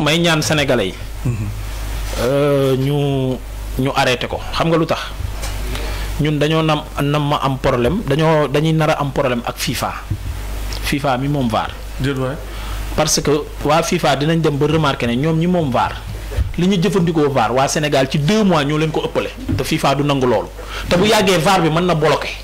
may ñaan sénégalais yi. Euh, ñu ñu arrêté ko xam nga lu tax ñun dañoo nam nam ma am problème dañoo dañuy nar a am problème ak FIFA FIFA mi moom VAR. parce que waa FIFA dinañ dem ba remarqué ne ñoom ñi moom VAR li ñu jëfandikoo VAR waa Sénégal ci deux mois ñoo leen ko ëppale te FIFA du nangu loolu te bu yàggee VAR bi mën na bloqué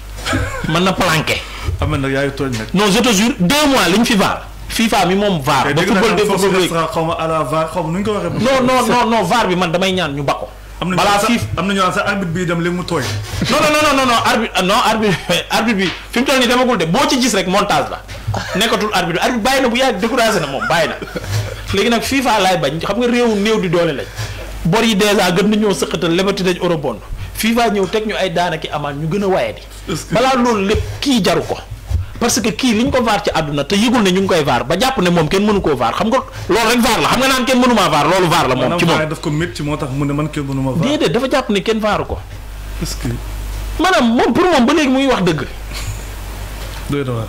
mën na planqué. am na nag yaa deux mois liñ fi VAR. FIFA mi moom VAR. ba football de football léegi xaw ma à la VAR xaw ma ko waxee. non bi man damay ñaan ñu bakko. balaa FIFA am na ñu naan sax arbitre bi dem léegi mu tooy. non non non non arbitre non bi fi toll nii demagul de boo ci gis rek montage la nekkatul arbitre arbitre bàyyi na bu yàgg découragé na moom bàyyi na léegi nag FIFA laay bañ xam nga réew néew di doole lañ bor yi dèjà gën nañoo sëqatal lebati dañ eurobond FIFA ñëw teg ñu ay daanaki amaan ñu gën a waaye di balaa loolu lépp kii jaru ko parce que kii li ñu ko vaar ci àdduna te yëgul ne ñu ngi koy vaar ba jàpp ne moom kenn mënu koo vaar xam nga loolu rek vaar la xam nga naan kenn mënumaa vaar loolu vaar la moom ci moom daf ko métti moo tax mu ne man kenn mënuma vaar déedéet dafa jàpp ne kenn vaaru ko est moom pour moom ba léegi muy wax dëgg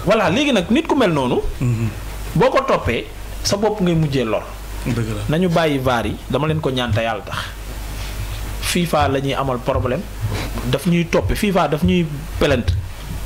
voilà léegi nag nit ku mel noonu mhm. boo ko toppee sa bopp ngay mujjee lor nañu bàyyi vaar yi dama leen ko ñaan te yàlla tax FIFA la ñuy amal problème daf ñuy toppe FIFA daf ñuy pelent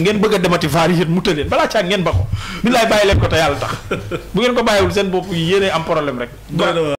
ngeen bëgg a demati vaar yéen mu balaa caa ngeen ba ko billaay bàyyi leen ko te yàlla tax bu ngeen ko bàyyiwul seen bopp yéenee am problème rek